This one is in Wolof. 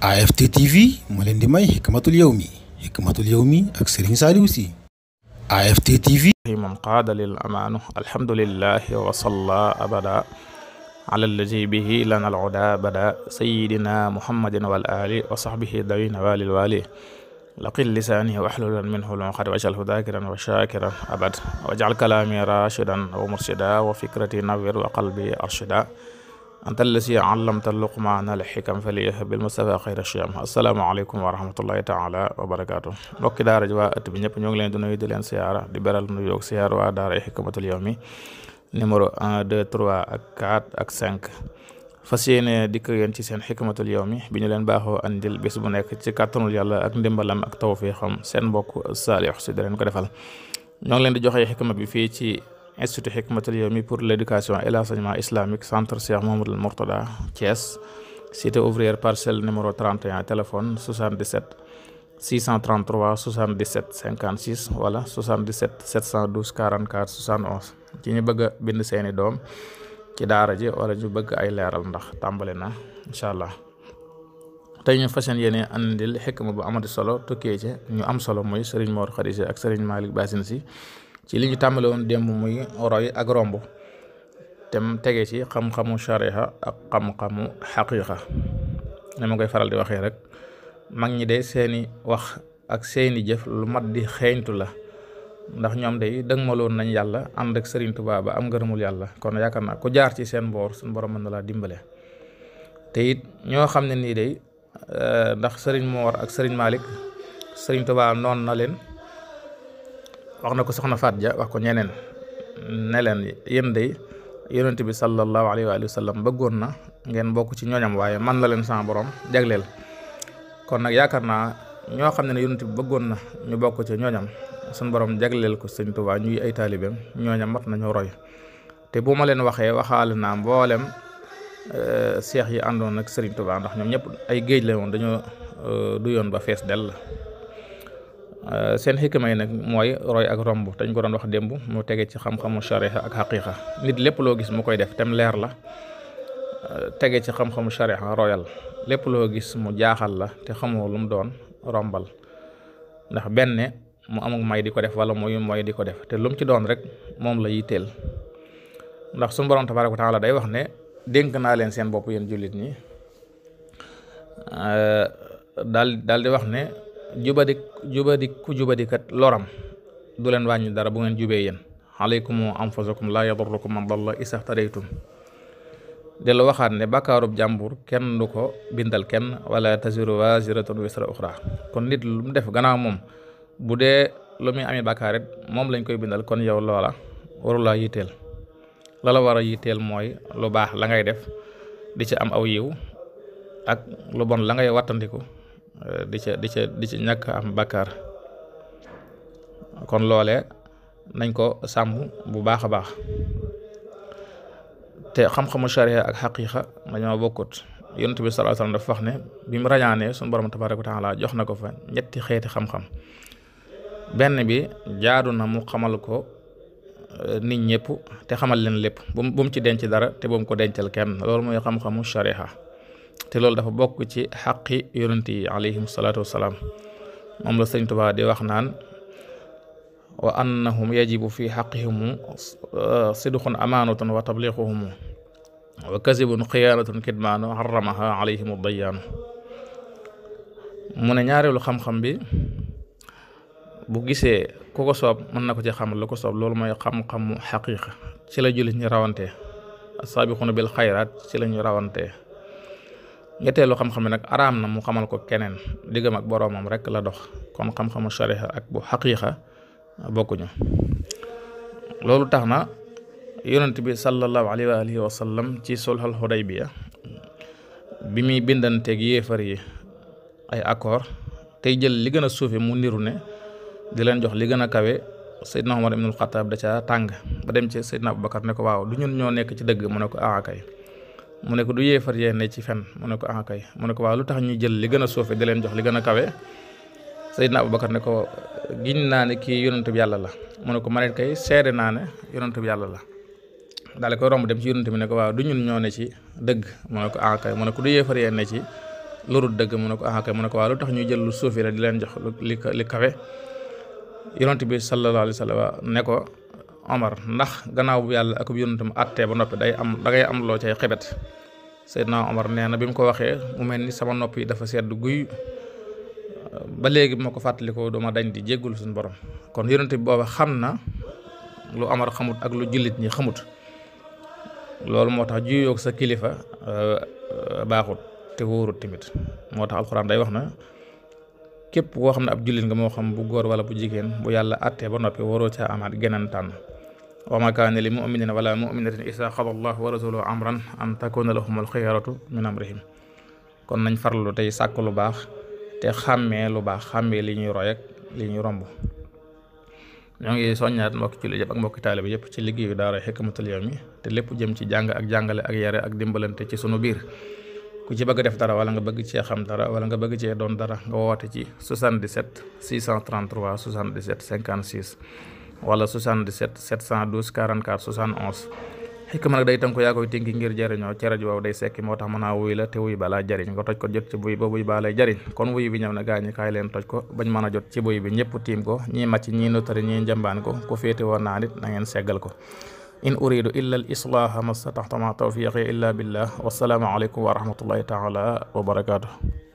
AFT TV moo leen di may xikmatul yawmi xikmatul yawmi ak Serigne Saliou Sy AFT TV man qaada lil amaanu alhamdulillahi wa salla abada ala allazi bihi lana al uda bada sayidina muhammadin wal ali wa sahbihi dawina walil wali laqil lisaani waxlulan minhu lmuqad waj'alhu dakiran wa shakiran abad waj'al kalami rashidan wa murshida wa fikrati nawwir wa qalbi arshida anta allasi allamta luqmaana al xikam fa bil mustafa xayra shiyam asalaamaaleykum wa rahmatullahi taala wa barakaatu mbokki daara ji waa ëtt bi ñëpp ñoo leen di nuyu di leen siyaara di beral nu yoog siyaar waa daara ay xikmatul yawmi numéro 1 2 ak 4 fa 5 fas yéene dikk yéen ci seen xikmatul yawmi bi ñu leen baaxoo andil bis bu nekk ci kàttanul yàlla ak ndimbalam ak tawfiixam seen mbokk saalix si da ko defal ñoo leen di joxe xikma bi fii institut Hikmatul mi pour l'éducation et l'enseignement islamique centre Cheikh Mouhamadoul Mourtada Thiès cité ouvrière parcelle numéro 31 téléphone 77 633 77 56 wala 77 712 44 71 ci ñu bëgg a bind seeni doom ci daara ji wala ñu bëgg ay leeral ndax tàmbali na incha allah te ñu fas yéene andil xikma bu amati solo tukkee ci ñu am solo muy Serigne Mor Khadija ak Serigne Malick Bassine si ci li ñu tàmbale woon démb muy roy ak romb te mu tege ci xam-xamu shariha ak xam-xamu xaqiqa ne ma koy faral di waxee rek mag ñi de seeni wax ak seeni jëf lu mat di xeeñtu la ndax ñoom day dëgmaloon nañ yàlla ànd ak sëriñ Touba ba am ngërëmul yàlla kon yaakaar naa ku jaar ci seen mboor suñ borom mën na laa dimbale te ñoo xam ne nii day eh, ndax sëriñ Mor ak Serigne Malick Serigne Touba noon na leen. wax na ko soxna Faat Ja wax ko ñeneen ne leen yéen day yonent bi sallallahu alayhi wa sallam bëggoon na ngeen bokk ci ñooñam waaye man la leen sama borom jagleel kon nag yaakaar naa ñoo xam ne ne yonent bi bëggoon na ñu bokk ci ñooñam suñ borom jagleel ko sëñ Tuubaa ñuy ay taalibeem ñooñam mat nañu roy te bu ma leen waxee waxaale naa mboolem eh, seex yi àndoon ak Serigne Touba ndax ñoom ñëpp ay géej la woon dañoo eh, du yoon ba fees dell la Euh, seen xikma yi nag mooy roy ak romb dañ ko doon wax démb mu tege ci xam-xamu shariha ak xaqiqa nit lépp loo gis mu koy def tem leer la euh, tege ci xam-xamu lépp loo gis mu jaaxal la te xamoo lu mu doon rombal ndax benn mu amuk may di ko def wala muy mooy di ko def te lu ci doon rek moom la yitteel ndax su borom tabaaraka wa taala day wax ne dénk naa leen seen bopp yéen jullit ñi euh, daal daal di wax ne jubadi jubadi ku jubadikat loram du leen wàññi dara bu ngeen jubee yéen am anfusakum laa yadurrukum man dalla isahtadaytum di la waxaat ne bàkkaarub jàmbur kenn du ko bindal kenn wala taziru waziratun wisra uxra kon nit lu mu def gannaaw moom bu dee lu muy amee bàkkaar moom lañ koy bindal kon yow loola warulaa yitteel lala la war a yitteel mooy lu baax la ngay def di ci am aw yiw ak lu bon la ngay wattandiku di ca di ca di am bakkaar kon loole nañ ko sàmm bu baax a baax te xam-xamu sharia ak xaqiqa dañoo bokkut yonent bi sallallahu alayhi wasallam dafa wax ne bi mu rañaanee suñu borom tabaaraka wa laa jox na ko fa ñetti xeeti xam-xam benn bi jaadu na mu xamal ko euh, nit ñëpp te xamal leen lépp bu mu ci denc dara te bu ko dencal kenn loolu mooy xam-xamu sharia te loolu dafa bokk ci xaqi yonent yi alayhim salaatu wasalaam moom la sëñ Tuubaa di wax naan wa annahum yajibu fi xaqihim uh, sidqun amaanatun wa tabliquhum wa kasibun xiyaanatun kidmaanu harramaha alayhim dayaanu mu ne ñaareelu xam-xam bi bu gisee ku soob mën na ko ci xam la ko soob loolu mooy xam-xamu xaqiiqa ci la jullit ñi rawante asaabiquuna bil xayraat ci lañuy rawante ñetteelu xam-xam nag araam na mu xamal ko keneen diggam ak boroomam rek la dox kon xam-xamu shariha ak bu xaqiiqa bokkuñu loolu tax na yonent bi sallallahu alayhi wa alihi wa sallam ci sulhal Hudaybiya bi muy bindanteeg yéefar yi ay accord tey jël li gën a suufe mu niru ne di leen jox li gën a kawe Seydina Omar ibnul Xataab da ca tàng ba dem ci Seydina Abubakar ne ko waaw du ñun ñoo nekk ci dëgg mu ne ko aakay ah, mu ne ko du yéefar yee ne ci fen mu ne ko ah kay mu ne ko waaw lu tax ñuy jël li gën a suufe di leen jox li gën a kawe Seydina Abubakar ne ko giñ naa ne kii yonentu bi yàlla la mu ne ko man it kay seede naa ne yonentu bi yàlla la daal koy romb dem ci yonent bi ne ko waaw du ñun ñoo ne ci dëgg mu ne ko ah kay mu ne ko du yéefar yee ne ci lurut dëgg mu ne ko ah kay mu ne ko waaw lu tax ñuy jël lu suufe la di leen jox li li kawe yonent bi sallallahu alayhi wa sallam ne ko Omar ndax gannaaw bu yàlla ak yonentam àttee ba noppi day am dangay am loo cay xebet Seydina Omar nee na bi mu ko waxee mu mel ni sama nopp yi dafa sedd guy ba léegi bu ma ko fàttalikoo duma dañ di jéggul suñu borom kon yonent bi booba xam na lu Omar xamut ak lu jullit ñi xamut loolu moo tax juyoog sa kilifa euh, baaxut te wóorut tamit moo tax day wax na képp koo xam ne ab jullit nga moo xam bu góor wala bu jigéen bu yàlla àttee ba noppi waroo ca amaat geneen tànn wa ma kaana li muminin wala muminatin isa xada allahu wa rasuluhu amran an takuna lahum alxiyaratu min amrihim kon nañ farlu tey sàkk lu baax te xàmmee lu baax xàmmee li ñuy roy ak li ñuy romb ñoo ngi soññaat mbokki lu yëpp ak mbokki taaliba yëpp ci liggéeyu daara Hikmatul Yawmi te lépp jëm ci jàng ak jàngale ak yare ak dimbalante ci sunu biir ku ci bëgg def dara wala nga bëgg cee xam dara wala nga bëgg cee doon dara nga woote ci 77 633 wala 77 712 44 71 xikma nag day tënk yaa koy tënki ngir jariñoo ci rajo boobu day sekki moo tax mën naa wuy la te wuy balaa jariñ nga toj ko jot ci buy ba buy baa lay jariñ kon wuy bi ñëw na gaañi kaay leen toj ko bañ mën a jot ci buy bi ñëpp tiim ko ñii màcc ñii notari ñii njambaan ko ku féete woon naa nit na ngeen seggal ko in uridu illa al islaaha mastataxtama tawfiqi illa billah wasalaamu aleykum wa rahmatullahi taala wa barakaatu